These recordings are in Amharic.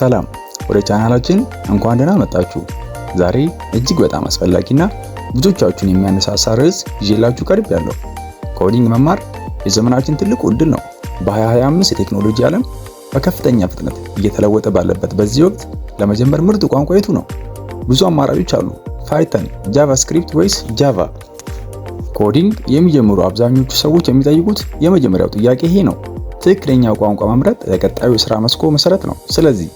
ሰላም ወደ ቻናላችን እንኳን ደህና መጣችሁ። ዛሬ እጅግ በጣም አስፈላጊና ብዙዎቻችሁን የሚያነሳሳ ርዕስ ይዤላችሁ ቀርብ ያለው ኮዲንግ መማር የዘመናችን ትልቁ እድል ነው። በ2025 የቴክኖሎጂ ዓለም በከፍተኛ ፍጥነት እየተለወጠ ባለበት በዚህ ወቅት ለመጀመር ምርጥ ቋንቋ የቱ ነው? ብዙ አማራጮች አሉ። ፓይተን፣ ጃቫስክሪፕት ወይስ ጃቫ? ኮዲንግ የሚጀምሩ አብዛኞቹ ሰዎች የሚጠይቁት የመጀመሪያው ጥያቄ ይሄ ነው። ትክክለኛ ቋንቋ መምረጥ ለቀጣዩ ስራ መስኮ መሰረት ነው። ስለዚህ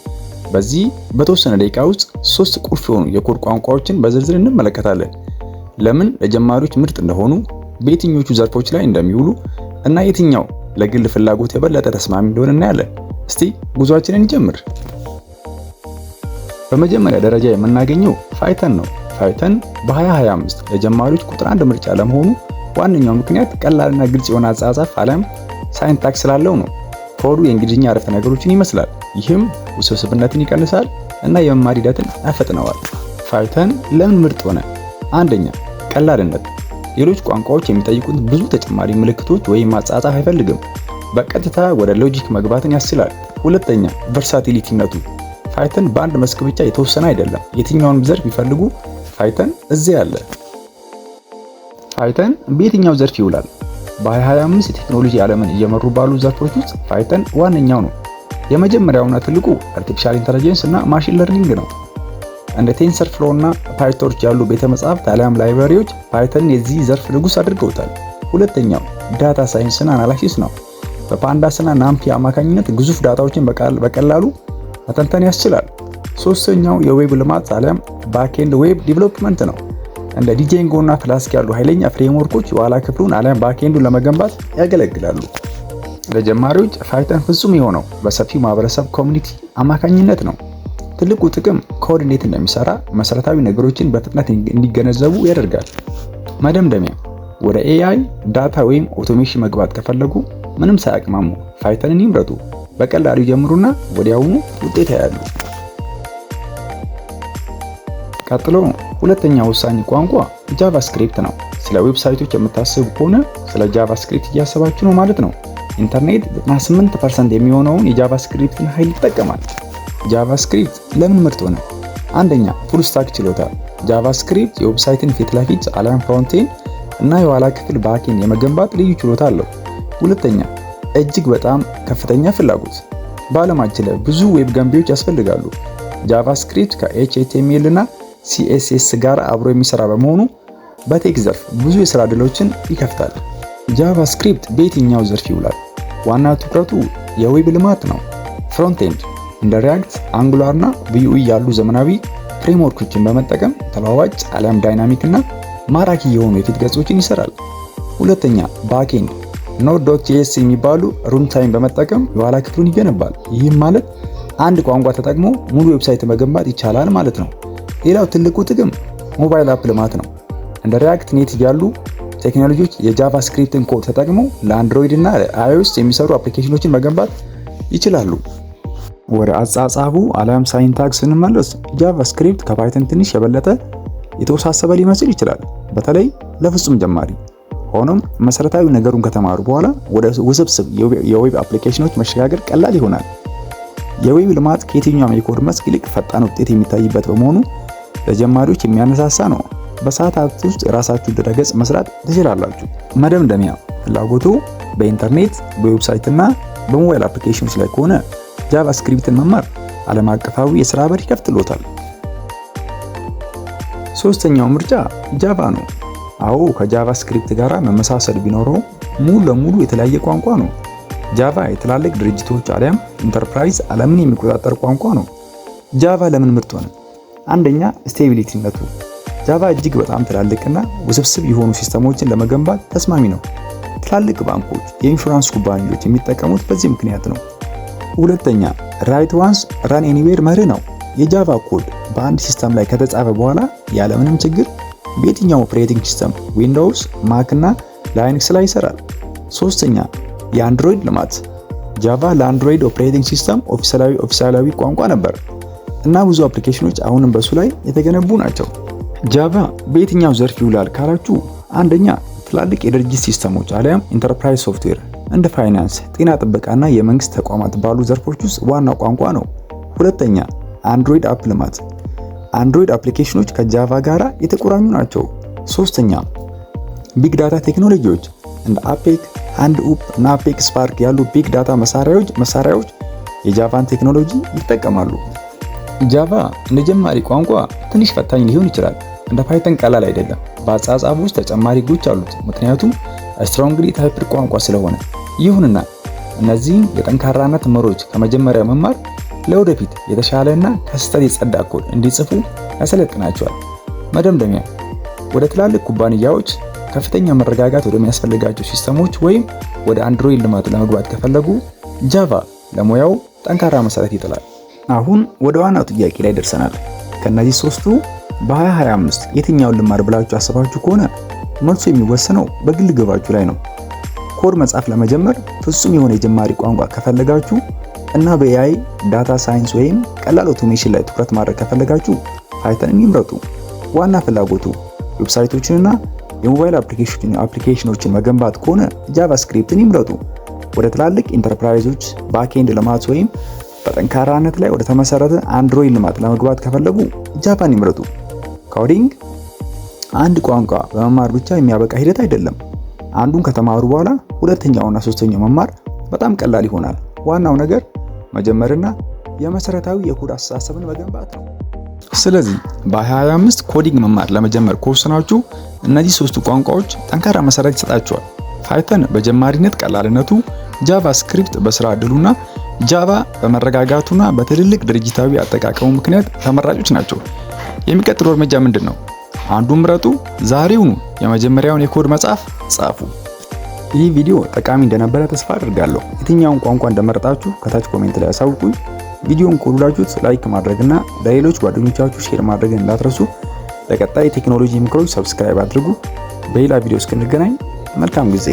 በዚህ በተወሰነ ደቂቃ ውስጥ ሶስት ቁልፍ የሆኑ የኮድ ቋንቋዎችን በዝርዝር እንመለከታለን። ለምን ለጀማሪዎች ምርጥ እንደሆኑ፣ በየትኞቹ ዘርፎች ላይ እንደሚውሉ እና የትኛው ለግል ፍላጎት የበለጠ ተስማሚ እንደሆነ እናያለን። እስቲ ጉዟችንን እንጀምር። በመጀመሪያ ደረጃ የምናገኘው ፓይተን ነው። ፓይተን በ2025 ለጀማሪዎች ቁጥር አንድ ምርጫ ለመሆኑ ዋነኛው ምክንያት ቀላልና ግልጽ የሆነ አጻጻፍ አሊያም ሳይንታክስ ስላለው ነው። ኮዱ የእንግሊዝኛ አረፍተ ነገሮችን ይመስላል። ይህም ውስብስብነትን ይቀንሳል እና የመማር ሂደትን ያፈጥነዋል። ፋይተን ለምን ምርጥ ሆነ? አንደኛ ቀላልነት። ሌሎች ቋንቋዎች የሚጠይቁት ብዙ ተጨማሪ ምልክቶች ወይም ማጻጻፍ አይፈልግም። በቀጥታ ወደ ሎጂክ መግባትን ያስችላል። ሁለተኛ ቨርሳቲሊቲነቱ። ፋይተን በአንድ መስክ ብቻ የተወሰነ አይደለም። የትኛውን ዘርፍ ቢፈልጉ ፋይተን እዚያ አለ። ፋይተን በየትኛው ዘርፍ ይውላል? በ2025 የቴክኖሎጂ ዓለምን እየመሩ ባሉ ዘርፎች ውስጥ ፋይተን ዋነኛው ነው። የመጀመሪያውና ትልቁ አርቲፊሻል ኢንተለጀንስ እና ማሽን ለርኒንግ ነው። እንደ ቴንሰር ፍሎ እና ፓይቶርች ያሉ ቤተ መጻሕፍት አሊያም ላይብረሪዎች ፓይተን የዚህ ዘርፍ ንጉስ አድርገውታል። ሁለተኛው ዳታ ሳይንስና አናላሲስ ነው። በፓንዳስና ናምፒ አማካኝነት ግዙፍ ዳታዎችን በቀላሉ መተንተን ያስችላል። ሶስተኛው የዌብ ልማት አሊያም ባክኤንድ ዌብ ዲቨሎፕመንት ነው። እንደ ዲጄንጎ እና ፍላስክ ያሉ ኃይለኛ ፍሬምወርኮች የኋላ ክፍሉን አሊያም ባክኤንዱን ለመገንባት ያገለግላሉ። ለጀማሪዎች ፋይተን ፍጹም የሆነው በሰፊው ማህበረሰብ ኮሚኒቲ አማካኝነት ነው። ትልቁ ጥቅም ኮድ እንዴት እንደሚሰራ መሰረታዊ ነገሮችን በፍጥነት እንዲገነዘቡ ያደርጋል። መደምደሚያ፣ ወደ ኤአይ ዳታ ወይም ኦቶሜሽን መግባት ከፈለጉ ምንም ሳያቅማሙ ፋይተንን ይምረጡ። በቀላሉ ይጀምሩና ወዲያውኑ ውጤት ያያሉ። ቀጥሎ ሁለተኛ ወሳኝ ቋንቋ ጃቫስክሪፕት ነው። ስለ ዌብሳይቶች የምታስቡ ከሆነ ስለ ጃቫስክሪፕት እያሰባችሁ ነው ማለት ነው። ኢንተርኔት 98% የሚሆነውን የጃቫስክሪፕትን ኃይል ይጠቀማል። ጃቫስክሪፕት ለምን ምርጥ ሆነ? አንደኛ ፉል ስታክ ችሎታ። ጃቫስክሪፕት የዌብሳይትን ፊት ለፊት አሊያም ፍሮንቴን እና የኋላ ክፍል ባኬን የመገንባት ልዩ ችሎታ አለው። ሁለተኛ እጅግ በጣም ከፍተኛ ፍላጎት። በዓለማችን ላይ ብዙ ዌብ ገንቢዎች ያስፈልጋሉ። ጃቫስክሪፕት ከኤችቲኤምኤል እና ሲኤስኤስ ጋር አብሮ የሚሰራ በመሆኑ በቴክ ዘርፍ ብዙ የስራ ዕድሎችን ይከፍታል። ጃቫስክሪፕት በየትኛው ዘርፍ ይውላል? ዋና ትኩረቱ የዌብ ልማት ነው። ፍሮንትኤንድ እንደ ሪያክት፣ አንጉላር እና ቪዩኢ e ያሉ ዘመናዊ ፍሬምወርኮችን በመጠቀም ተለዋዋጭ አሊያም ዳይናሚክ እና ማራኪ የሆኑ የፊት ገጾችን ይሰራል። ሁለተኛ ባክኤንድ ኖድ የሚባሉ ሩንታይም በመጠቀም የኋላ ክፍሉን ይገነባል። ይህም ማለት አንድ ቋንቋ ተጠቅሞ ሙሉ ዌብሳይት መገንባት ይቻላል ማለት ነው። ሌላው ትልቁ ጥቅም ሞባይል አፕ ልማት ነው። እንደ ሪያክት ኔቲቭ ያሉ ቴክኖሎጂዎች የጃቫስክሪፕትን ኮድ ተጠቅመው ለአንድሮይድ እና አይኦኤስ የሚሰሩ አፕሊኬሽኖችን መገንባት ይችላሉ። ወደ አጻጻፉ አለም ሳይንታክስ ስንመለስ ጃቫስክሪፕት ከፓይተን ትንሽ የበለጠ የተወሳሰበ ሊመስል ይችላል፣ በተለይ ለፍጹም ጀማሪ። ሆኖም መሰረታዊ ነገሩን ከተማሩ በኋላ ወደ ውስብስብ የዌብ አፕሊኬሽኖች መሸጋገር ቀላል ይሆናል። የዌብ ልማት ከየትኛውም የኮድ መስክ ይልቅ ፈጣን ውጤት የሚታይበት በመሆኑ ለጀማሪዎች የሚያነሳሳ ነው። በሰዓታት ውስጥ የራሳችሁ ድረገጽ መስራት ትችላላችሁ። መደምደሚያ ፍላጎቱ በኢንተርኔት በዌብሳይት እና በሞባይል አፕሊኬሽንስ ላይ ከሆነ ጃቫስክሪፕትን መማር ዓለም አቀፋዊ የሥራ በር ይከፍትሎታል። ሶስተኛው ምርጫ ጃቫ ነው። አዎ ከጃቫስክሪፕት ጋር መመሳሰል ቢኖረው ሙሉ ለሙሉ የተለያየ ቋንቋ ነው። ጃቫ የትላልቅ ድርጅቶች አሊያም ኢንተርፕራይዝ ዓለምን የሚቆጣጠር ቋንቋ ነው። ጃቫ ለምን ምርጥ ሆነ? አንደኛ ስቴቢሊቲነቱ ጃቫ እጅግ በጣም ትላልቅና ውስብስብ የሆኑ ሲስተሞችን ለመገንባት ተስማሚ ነው። ትላልቅ ባንኮች፣ የኢንሹራንስ ኩባንያዎች የሚጠቀሙት በዚህ ምክንያት ነው። ሁለተኛ ራይት ዋንስ ራን ኤኒዌር መርህ ነው። የጃቫ ኮድ በአንድ ሲስተም ላይ ከተጻፈ በኋላ ያለምንም ችግር በየትኛው ኦፕሬቲንግ ሲስተም ዊንዶውስ፣ ማክ እና ላይንክስ ላይ ይሰራል። ሶስተኛ የአንድሮይድ ልማት ጃቫ ለአንድሮይድ ኦፕሬቲንግ ሲስተም ኦፊሳላዊ ኦፊሳላዊ ቋንቋ ነበር እና ብዙ አፕሊኬሽኖች አሁንም በሱ ላይ የተገነቡ ናቸው። ጃቫ በየትኛው ዘርፍ ይውላል ካላችሁ፣ አንደኛ ትላልቅ የድርጅት ሲስተሞች አሊያም ኢንተርፕራይዝ ሶፍትዌር እንደ ፋይናንስ፣ ጤና ጥበቃና የመንግስት ተቋማት ባሉ ዘርፎች ውስጥ ዋና ቋንቋ ነው። ሁለተኛ አንድሮይድ አፕ ልማት፣ አንድሮይድ አፕሊኬሽኖች ከጃቫ ጋር የተቆራኙ ናቸው። ሶስተኛ ቢግ ዳታ ቴክኖሎጂዎች እንደ አፔክ፣ አንድ ኡፕ እና አፔክ ስፓርክ ያሉ ቢግ ዳታ መሳሪያዎች መሳሪያዎች የጃቫን ቴክኖሎጂ ይጠቀማሉ። ጃቫ እንደ ጀማሪ ቋንቋ ትንሽ ፈታኝ ሊሆን ይችላል። እንደ ፓይተን ቀላል አይደለም። በአጻጻፉ ውስጥ ተጨማሪ ጉች አሉት፣ ምክንያቱም ስትሮንግሊ ታይፕድ ቋንቋ ስለሆነ። ይሁንና እነዚህን የጠንካራነት መሮች ከመጀመሪያ መማር ለወደፊት የተሻለና ከስህተት የጸዳ ኮድ እንዲጽፉ ያሰለጥናቸዋል። መደምደሚያ ወደ ትላልቅ ኩባንያዎች ከፍተኛ መረጋጋት ወደሚያስፈልጋቸው ሲስተሞች ወይም ወደ አንድሮይድ ልማት ለመግባት ከፈለጉ ጃቫ ለሙያው ጠንካራ መሰረት ይጥላል። አሁን ወደ ዋናው ጥያቄ ላይ ደርሰናል። ከእነዚህ ሶስቱ በ2025 የትኛውን ልማድ ብላችሁ አስባችሁ ከሆነ መልሱ የሚወሰነው በግል ግባችሁ ላይ ነው። ኮድ መጻፍ ለመጀመር ፍጹም የሆነ የጀማሪ ቋንቋ ከፈለጋችሁ እና በኤአይ ዳታ ሳይንስ ወይም ቀላል ኦቶሜሽን ላይ ትኩረት ማድረግ ከፈለጋችሁ ፓይተንን ይምረጡ። ዋና ፍላጎቱ ዌብሳይቶችንና የሞባይል አፕሊኬሽኖችን መገንባት ከሆነ ጃቫስክሪፕትን ይምረጡ። ወደ ትላልቅ ኢንተርፕራይዞች ባኬንድ ልማት ወይም በጠንካራነት ላይ ወደ ተመሰረተ አንድሮይድ ልማት ለመግባት ከፈለጉ ጃቫን ይምረጡ። ኮዲንግ አንድ ቋንቋ በመማር ብቻ የሚያበቃ ሂደት አይደለም። አንዱን ከተማሩ በኋላ ሁለተኛውና ሶስተኛው መማር በጣም ቀላል ይሆናል። ዋናው ነገር መጀመርና የመሰረታዊ የኮድ አስተሳሰብን መገንባት ነው። ስለዚህ በ2025 ኮዲንግ መማር ለመጀመር ከወሰናችሁ እነዚህ ሶስቱ ቋንቋዎች ጠንካራ መሰረት ይሰጣችኋል። ፓይተን በጀማሪነት ቀላልነቱ፣ ጃቫስክሪፕት በስራ እድሉና ጃቫ በመረጋጋቱና በትልልቅ ድርጅታዊ አጠቃቀሙ ምክንያት ተመራጮች ናቸው። የሚቀጥለው እርምጃ ምንድን ነው? አንዱ ምረጡ። ዛሬውኑ የመጀመሪያውን የኮድ መጽሐፍ ጻፉ። ይህ ቪዲዮ ጠቃሚ እንደነበረ ተስፋ አድርጋለሁ። የትኛውን ቋንቋ እንደመረጣችሁ ከታች ኮሜንት ላይ አሳውቁኝ። ቪዲዮውን ከወደዳችሁት ላይክ ማድረግና ለሌሎች ጓደኞቻችሁ ሼር ማድረግ እንዳትረሱ። ለቀጣይ ቴክኖሎጂ ምክሮች ሰብስክራይብ አድርጉ። በሌላ ቪዲዮ እስክንገናኝ መልካም ጊዜ